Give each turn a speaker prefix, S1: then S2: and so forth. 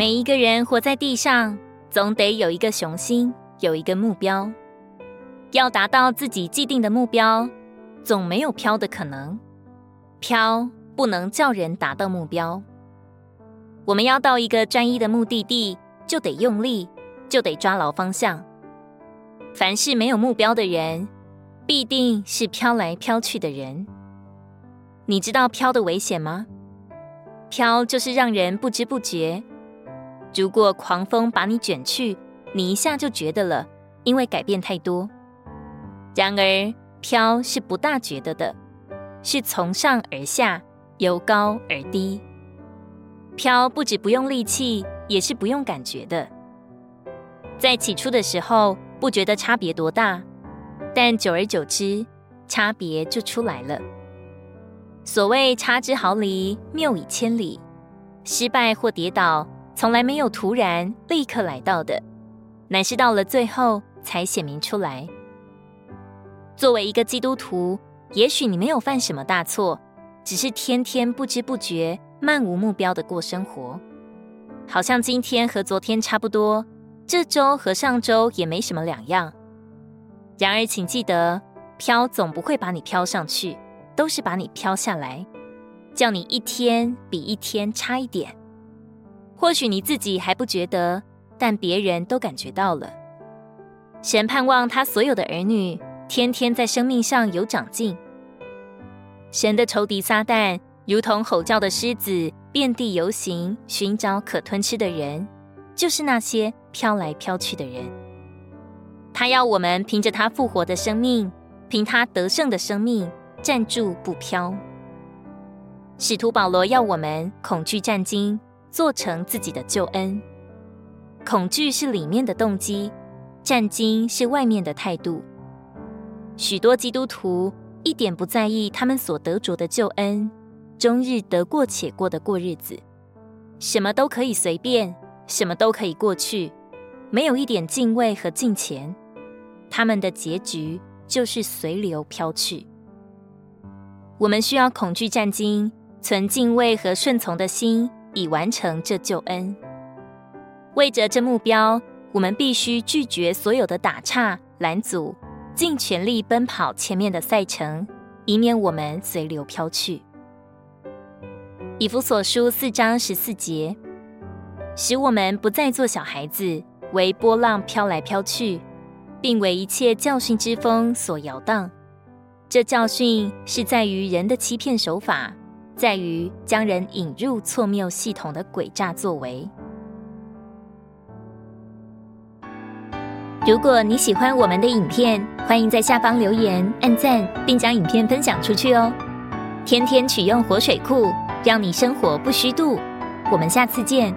S1: 每一個人活在地上，總得有一個雄心，有一個目標。要達到自己既定的目標，總沒有飄的可能。飄不能叫人達到目標。我們要到一個專一的目的地，就得用力，就得抓牢方向。凡是沒有目標的人，必定是飄來飄去的人。你知道飄的危險嗎？飄就是讓人不知不覺。如果狂風把你捲去，你一下就覺得了，因為改變太多。然而飄是不大覺得的，是從上而下，由高而低。飄不止不用力氣，也是不用感覺的。在起初的時候，不覺得差別多大，但久而久之，差別就出來了。所謂差之毫釐，謬以千里，失敗或跌倒。從來沒有突然立刻來到的，乃是到了最後才顯明出來。作為一個基督徒，也許你沒有犯什麼大錯，只是天天不知不覺、漫無目標的過生活，好像今天和昨天差不多，這周和上周也沒什麼兩樣。然而，請記得，飄總不會把你飄上去，都是把你飄下來，叫你一天比一天差一點。或許你自己還不覺得，但別人都感覺到了。神盼望他所有的兒女天天在生命上有長進。神的仇敵撒旦如同吼叫的獅子，遍地遊行，尋找可吞吃的人，就是那些漂來漂去的人。他要我們憑着他復活的生命，憑他得勝的生命站住不漂。使徒保羅要我們恐懼戰兢。做成自己的救恩，恐懼是裡面的動機，戰兢是外面的態度。許多基督徒一點不在意他們所得着的救恩，終日得過且過的過日子，什麼都可以隨便，什麼都可以過去，沒有一點敬畏和敬虔，他們的結局就是隨流漂去。我們需要恐懼戰兢，存敬畏和順從的心。以完成這救恩，為着這目標，我們必須拒絕所有的打岔攔阻，盡全力奔跑前面的賽程，以免我們隨流漂去。以弗所書四章十四節，使我們不再做小孩子，為波浪漂來漂去，並為一切教訓之風所搖蕩。這教訓是在於人的欺騙手法。在於將人引入錯謬系統的詭詐作為。如果你喜歡我們的影片，歡迎在下方留言、按讚，並將影片分享出去哦。天天取用活水庫，讓你生活不虛度。我們下次見。